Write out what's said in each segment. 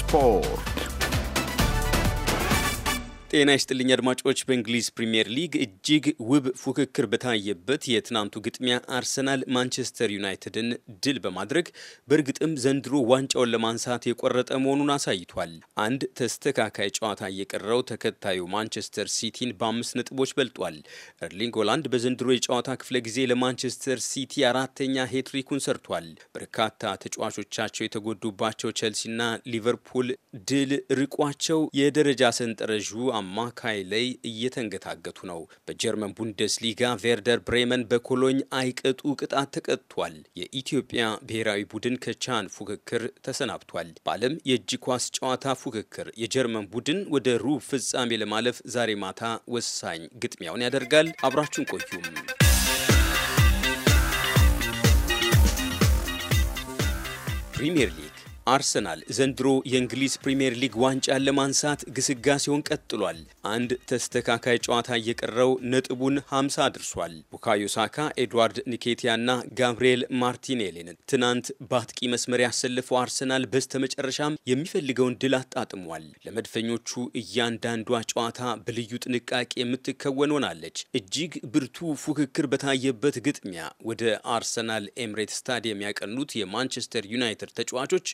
Spor. ጤና ይስጥልኝ አድማጮች። በእንግሊዝ ፕሪምየር ሊግ እጅግ ውብ ፉክክር በታየበት የትናንቱ ግጥሚያ አርሰናል ማንቸስተር ዩናይትድን ድል በማድረግ በእርግጥም ዘንድሮ ዋንጫውን ለማንሳት የቆረጠ መሆኑን አሳይቷል። አንድ ተስተካካይ ጨዋታ እየቀረው ተከታዩ ማንቸስተር ሲቲን በአምስት ነጥቦች በልጧል። እርሊንግ ሆላንድ በዘንድሮ የጨዋታ ክፍለ ጊዜ ለማንቸስተር ሲቲ አራተኛ ሄትሪኩን ሰርቷል። በርካታ ተጫዋቾቻቸው የተጎዱባቸው ቼልሲና ሊቨርፑል ድል ርቋቸው የደረጃ ሰንጠረዡ አማካይ ላይ እየተንገታገቱ ነው። በጀርመን ቡንደስሊጋ ቬርደር ብሬመን በኮሎኝ አይቀጡ ቅጣት ተቀጥቷል። የኢትዮጵያ ብሔራዊ ቡድን ከቻን ፉክክር ተሰናብቷል። በዓለም የእጅ ኳስ ጨዋታ ፉክክር የጀርመን ቡድን ወደ ሩብ ፍጻሜ ለማለፍ ዛሬ ማታ ወሳኝ ግጥሚያውን ያደርጋል። አብራችሁን ቆዩም። ፕሪምየር ሊግ አርሰናል ዘንድሮ የእንግሊዝ ፕሪምየር ሊግ ዋንጫን ለማንሳት ግስጋሴውን ቀጥሏል። አንድ ተስተካካይ ጨዋታ እየቀረው ነጥቡን 50 አድርሷል። ቡካዮ ሳካ፣ ኤድዋርድ ኒኬቲያ እና ጋብርኤል ማርቲኔሊን ትናንት በአጥቂ መስመር ያሰለፈው አርሰናል በስተመጨረሻም የሚፈልገውን ድል አጣጥሟል። ለመድፈኞቹ እያንዳንዷ ጨዋታ በልዩ ጥንቃቄ የምትከወን ሆናለች። እጅግ ብርቱ ፉክክር በታየበት ግጥሚያ ወደ አርሰናል ኤምሬት ስታዲየም ያቀኑት የማንቸስተር ዩናይትድ ተጫዋቾች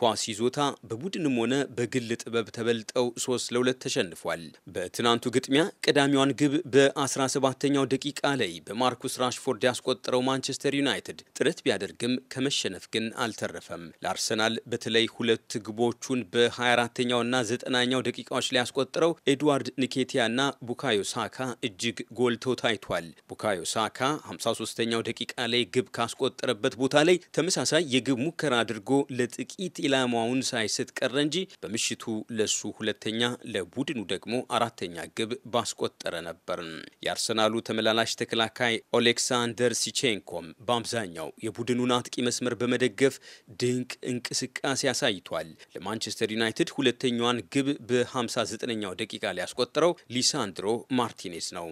በኳስ ይዞታ በቡድንም ሆነ በግል ጥበብ ተበልጠው ሶስት ለሁለት ተሸንፏል። በትናንቱ ግጥሚያ ቀዳሚዋን ግብ በ17ኛው ደቂቃ ላይ በማርኩስ ራሽፎርድ ያስቆጠረው ማንቸስተር ዩናይትድ ጥረት ቢያደርግም ከመሸነፍ ግን አልተረፈም። ለአርሰናል በተለይ ሁለት ግቦቹን በ24ኛውና 9 ኛው ደቂቃዎች ላይ ያስቆጠረው ኤድዋርድ ኒኬቲያና ቡካዮ ሳካ እጅግ ጎልተው ታይቷል። ቡካዮ ሳካ 53ኛው ደቂቃ ላይ ግብ ካስቆጠረበት ቦታ ላይ ተመሳሳይ የግብ ሙከራ አድርጎ ለጥቂ ጥቂት ኢላማውን ሳይስት ቀረ እንጂ በምሽቱ ለሱ ሁለተኛ ለቡድኑ ደግሞ አራተኛ ግብ ባስቆጠረ ነበር። የአርሰናሉ ተመላላሽ ተከላካይ ኦሌክሳንደር ሲቼንኮም በአብዛኛው የቡድኑን አጥቂ መስመር በመደገፍ ድንቅ እንቅስቃሴ አሳይቷል። ለማንቸስተር ዩናይትድ ሁለተኛዋን ግብ በ59ኛው ደቂቃ ላይ ያስቆጠረው ሊሳንድሮ ማርቲኔስ ነው።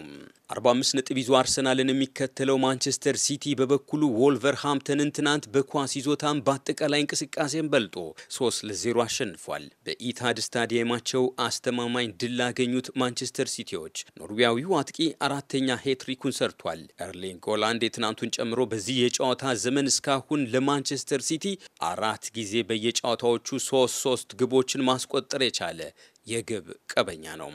45 ነጥብ ይዞ አርሰናልን የሚከተለው ማንቸስተር ሲቲ በበኩሉ ወልቨርሃምተንን ትናንት በኳስ ይዞታም በአጠቃላይ እንቅስቃሴን በል በልጦ 3 ለ0 አሸንፏል። በኢታድ ስታዲየማቸው አስተማማኝ ድል ላገኙት ማንቸስተር ሲቲዎች ኖርዌያዊው አጥቂ አራተኛ ሄትሪኩን ሰርቷል። ኤርሊንግ ሆላንድ የትናንቱን ጨምሮ በዚህ የጨዋታ ዘመን እስካሁን ለማንቸስተር ሲቲ አራት ጊዜ በየጨዋታዎቹ ሶስት ሶስት ግቦችን ማስቆጠር የቻለ የግብ ቀበኛ ነው።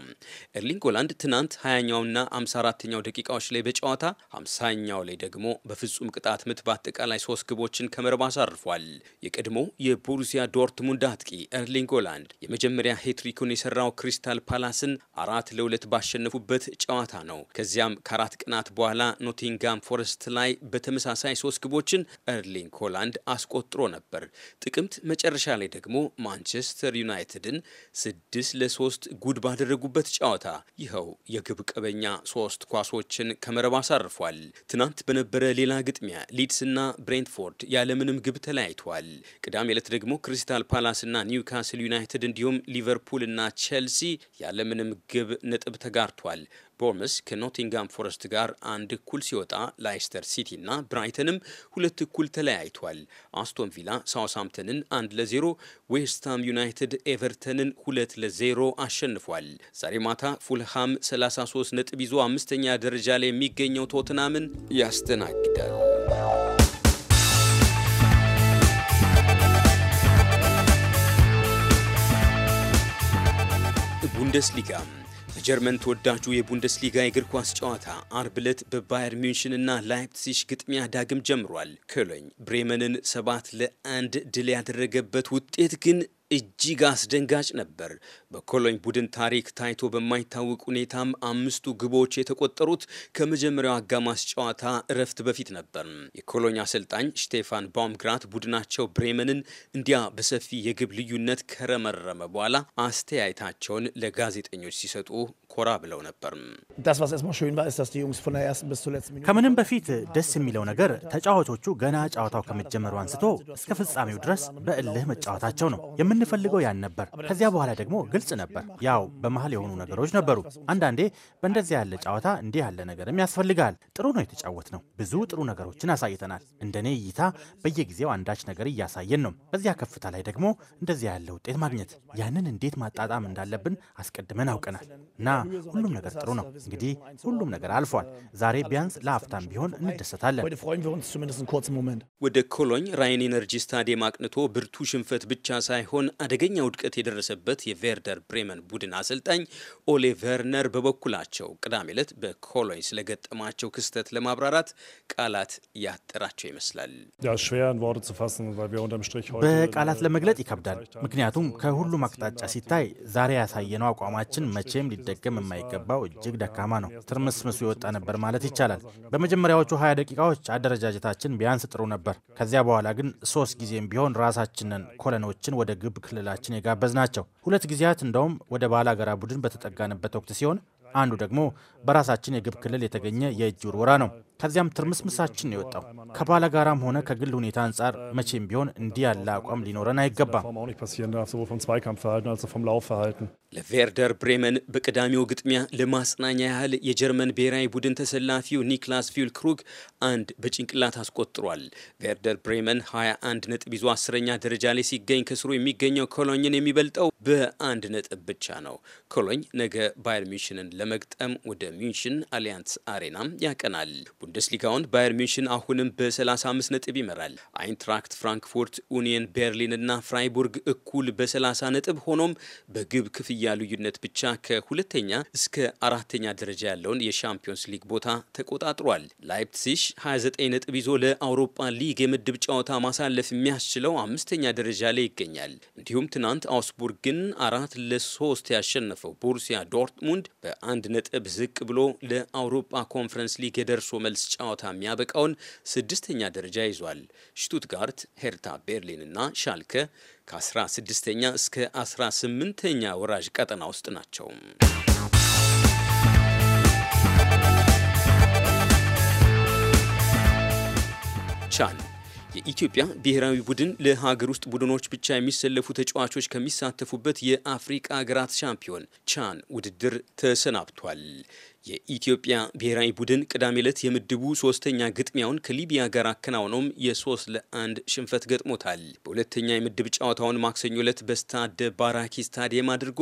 ኤርሊንግ ሆላንድ ትናንት 20ኛውና 54ኛው ደቂቃዎች ላይ በጨዋታ 50ኛው ላይ ደግሞ በፍጹም ቅጣት ምት በአጠቃላይ ሶስት ግቦችን ከመረብ አሳርፏል። የቀድሞ የቦሩሲያ ዶርትሙንድ አጥቂ ኤርሊንግ ሆላንድ የመጀመሪያ ሄትሪኩን የሰራው ክሪስታል ፓላስን አራት ለሁለት ባሸነፉበት ጨዋታ ነው። ከዚያም ከአራት ቀናት በኋላ ኖቲንጋም ፎረስት ላይ በተመሳሳይ ሶስት ግቦችን ኤርሊንግ ሆላንድ አስቆጥሮ ነበር። ጥቅምት መጨረሻ ላይ ደግሞ ማንቸስተር ዩናይትድን ስድስት ለሶስት ጉድ ባደረጉበት ጨዋታ ይኸው የግብ ቀበኛ ሶስት ኳሶችን ከመረብ አሳርፏል። ትናንት በነበረ ሌላ ግጥሚያ ሊድስና ብሬንትፎርድ ያለምንም ግብ ተለያይቷል። ቅዳሜ ዕለት ደግሞ ክሪስታል ፓላስና ኒውካስል ዩናይትድ እንዲሁም ሊቨርፑልና ቼልሲ ያለምንም ግብ ነጥብ ተጋርቷል። ቦርምስ ከኖቲንጋም ፎረስት ጋር አንድ እኩል ሲወጣ ላይስተር ሲቲ እና ብራይተንም ሁለት እኩል ተለያይቷል። አስቶን ቪላ ሳውስሃምፕተንን አንድ ለዜሮ፣ ዌስትሃም ዩናይትድ ኤቨርተንን ሁለት ለዜሮ አሸንፏል። ዛሬ ማታ ፉልሃም 33 ነጥብ ይዞ አምስተኛ ደረጃ ላይ የሚገኘው ቶትናምን ያስተናግዳል። ቡንደስሊጋ በጀርመን ተወዳጁ የቡንደስሊጋ የእግር ኳስ ጨዋታ አርብ ዕለት በባየር ሚንሽን እና ላይፕሲሽ ግጥሚያ ዳግም ጀምሯል። ኮሎኝ ብሬመንን ሰባት ለአንድ ድል ያደረገበት ውጤት ግን እጅግ አስደንጋጭ ነበር። በኮሎኝ ቡድን ታሪክ ታይቶ በማይታወቅ ሁኔታም አምስቱ ግቦች የተቆጠሩት ከመጀመሪያው አጋማሽ ጨዋታ እረፍት በፊት ነበር። የኮሎኝ አሰልጣኝ ሽቴፋን ባምግራት ቡድናቸው ብሬመንን እንዲያ በሰፊ የግብ ልዩነት ከረመረመ በኋላ አስተያየታቸውን ለጋዜጠኞች ሲሰጡ ኮራ ብለው ነበር። ከምንም በፊት ደስ የሚለው ነገር ተጫዋቾቹ ገና ጨዋታው ከመጀመሩ አንስቶ እስከ ፍጻሜው ድረስ በእልህ መጫወታቸው ነው። የምንፈልገው ያን ነበር። ከዚያ በኋላ ደግሞ ግልጽ ነበር። ያው በመሀል የሆኑ ነገሮች ነበሩ። አንዳንዴ በእንደዚያ ያለ ጨዋታ እንዲህ ያለ ነገርም ያስፈልጋል። ጥሩ ነው የተጫወት ነው። ብዙ ጥሩ ነገሮችን አሳይተናል። እንደኔ እይታ በየጊዜው አንዳች ነገር እያሳየን ነው። በዚያ ከፍታ ላይ ደግሞ እንደዚያ ያለ ውጤት ማግኘት፣ ያንን እንዴት ማጣጣም እንዳለብን አስቀድመን አውቀናል እና ሁሉም ነገር ጥሩ ነው። እንግዲህ ሁሉም ነገር አልፏል። ዛሬ ቢያንስ ለአፍታም ቢሆን እንደሰታለን። ወደ ኮሎኝ ራይን ኤነርጂ ስታዲየም አቅንቶ ብርቱ ሽንፈት ብቻ ሳይሆን ጣሊያን አደገኛ ውድቀት የደረሰበት የቬርደር ብሬመን ቡድን አሰልጣኝ ኦሌ ቨርነር በበኩላቸው ቅዳሜ ዕለት በኮሎኝ ስለገጠማቸው ክስተት ለማብራራት ቃላት ያጠራቸው ይመስላል። በቃላት ለመግለጽ ይከብዳል። ምክንያቱም ከሁሉም አቅጣጫ ሲታይ ዛሬ ያሳየነው አቋማችን መቼም ሊደገም የማይገባው እጅግ ደካማ ነው። ትርምስምሱ የወጣ ነበር ማለት ይቻላል። በመጀመሪያዎቹ 20 ደቂቃዎች አደረጃጀታችን ቢያንስ ጥሩ ነበር። ከዚያ በኋላ ግን ሶስት ጊዜም ቢሆን ራሳችንን ኮለኖችን ወደ ግብ ክልላችን የጋበዝ ናቸው። ሁለት ጊዜያት እንደውም ወደ አገራ ቡድን በተጠጋንበት ወቅት ሲሆን አንዱ ደግሞ በራሳችን የግብ ክልል የተገኘ የእጅ ውርወራ ነው። ከዚያም ትርምስምሳችን የወጣው ከባለ ጋራም ሆነ ከግል ሁኔታ አንጻር መቼም ቢሆን እንዲህ ያለ አቋም ሊኖረን አይገባም። ለቬርደር ብሬመን በቅዳሜው ግጥሚያ ለማጽናኛ ያህል የጀርመን ብሔራዊ ቡድን ተሰላፊው ኒክላስ ቪልክሩግ አንድ በጭንቅላት አስቆጥሯል። ቬርደር ብሬመን 21 ነጥብ ይዞ አስረኛ ደረጃ ላይ ሲገኝ ከስሩ የሚገኘው ኮሎኝን የሚበልጠው በአንድ ነጥብ ብቻ ነው። ኮሎኝ ነገ ባየር ሚሽንን ለመግጠም ወደ ሚንሽን አሊያንስ አሬናም ያቀናል። ቡንደስሊጋውን ባየር ሚንሽን አሁንም በ35 ነጥብ ይመራል። አይንትራክት ፍራንክፉርት፣ ኡኒየን ቤርሊን እና ፍራይቡርግ እኩል በ30 ነጥብ ሆኖም በግብ ክፍያ ልዩነት ብቻ ከሁለተኛ እስከ አራተኛ ደረጃ ያለውን የሻምፒዮንስ ሊግ ቦታ ተቆጣጥሯል። ላይፕሲሽ 29 ነጥብ ይዞ ለአውሮፓ ሊግ የምድብ ጨዋታ ማሳለፍ የሚያስችለው አምስተኛ ደረጃ ላይ ይገኛል። እንዲሁም ትናንት አውስቡርግን አራት ለሶስት ያሸነፈው ቦሩሲያ ዶርትሙንድ በአንድ ነጥብ ዝቅ ብሎ ለአውሮፓ ኮንፈረንስ ሊግ የደርሶ መልስ የመልስ ጨዋታ የሚያበቃውን ስድስተኛ ደረጃ ይዟል። ሽቱትጋርት፣ ሄርታ ቤርሊን እና ሻልከ ከ16ኛ እስከ 18ኛ ወራጅ ቀጠና ውስጥ ናቸው። ቻን የኢትዮጵያ ብሔራዊ ቡድን ለሀገር ውስጥ ቡድኖች ብቻ የሚሰለፉ ተጫዋቾች ከሚሳተፉበት የአፍሪቃ ሀገራት ሻምፒዮን ቻን ውድድር ተሰናብቷል። የኢትዮጵያ ብሔራዊ ቡድን ቅዳሜ ዕለት የምድቡ ሶስተኛ ግጥሚያውን ከሊቢያ ጋር አከናውኖም የሶስት ለአንድ ሽንፈት ገጥሞታል። በሁለተኛ የምድብ ጨዋታውን ማክሰኞ ዕለት በስታደ ባራኪ ስታዲየም አድርጎ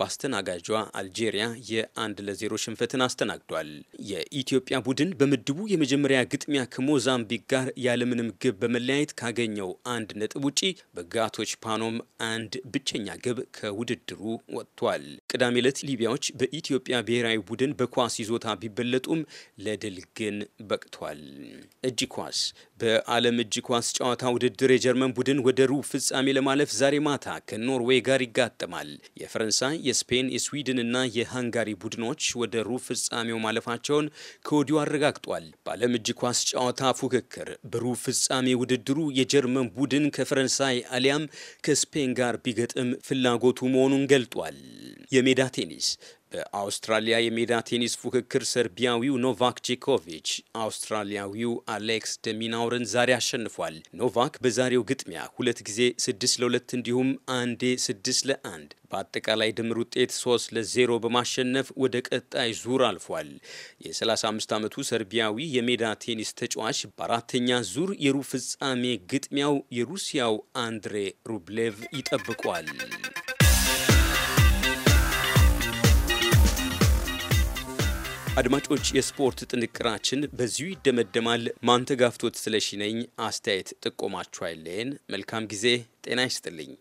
በአስተናጋጇ አልጄሪያ የአንድ ለዜሮ ሽንፈትን አስተናግዷል። የኢትዮጵያ ቡድን በምድቡ የመጀመሪያ ግጥሚያ ከሞዛምቢክ ጋር ያለምንም ግብ በመለያየት ካገኘው አንድ ነጥብ ውጪ በጋቶች ፓኖም አንድ ብቸኛ ግብ ከውድድሩ ወጥቷል። ቅዳሜ ዕለት ሊቢያዎች በኢትዮጵያ ብሔራዊ ቡድን በኳ ኳስ ይዞታ ቢበለጡም ለድል ግን በቅቷል። እጅ ኳስ በዓለም እጅ ኳስ ጨዋታ ውድድር የጀርመን ቡድን ወደ ሩብ ፍጻሜ ለማለፍ ዛሬ ማታ ከኖርዌይ ጋር ይጋጥማል። የፈረንሳይ፣ የስፔን፣ የስዊድን እና የሃንጋሪ ቡድኖች ወደ ሩብ ፍጻሜው ማለፋቸውን ከወዲሁ አረጋግጧል። በዓለም እጅ ኳስ ጨዋታ ፉክክር በሩብ ፍጻሜ ውድድሩ የጀርመን ቡድን ከፈረንሳይ አሊያም ከስፔን ጋር ቢገጥም ፍላጎቱ መሆኑን ገልጧል። የሜዳ ቴኒስ በአውስትራሊያ የሜዳ ቴኒስ ፉክክር ሰርቢያዊው ኖቫክ ጄኮቪች አውስትራሊያዊው አሌክስ ደሚናውርን ዛሬ አሸንፏል። ኖቫክ በዛሬው ግጥሚያ ሁለት ጊዜ ስድስት ለሁለት እንዲሁም አንዴ ስድስት ለአንድ በአጠቃላይ ድምር ውጤት ለ ለዜሮ በማሸነፍ ወደ ቀጣይ ዙር አልፏል። የ35 ዓመቱ ሰርቢያዊ የሜዳ ቴኒስ ተጫዋች በአራተኛ ዙር የሩብ ፍጻሜ ግጥሚያው የሩሲያው አንድሬ ሩብሌቭ ይጠብቋል። አድማጮች፣ የስፖርት ጥንቅራችን በዚሁ ይደመደማል። ማንተጋፍቶት ስለሺ ነኝ። አስተያየት ጥቆማችሁ አይለየን። መልካም ጊዜ። ጤና ይስጥልኝ።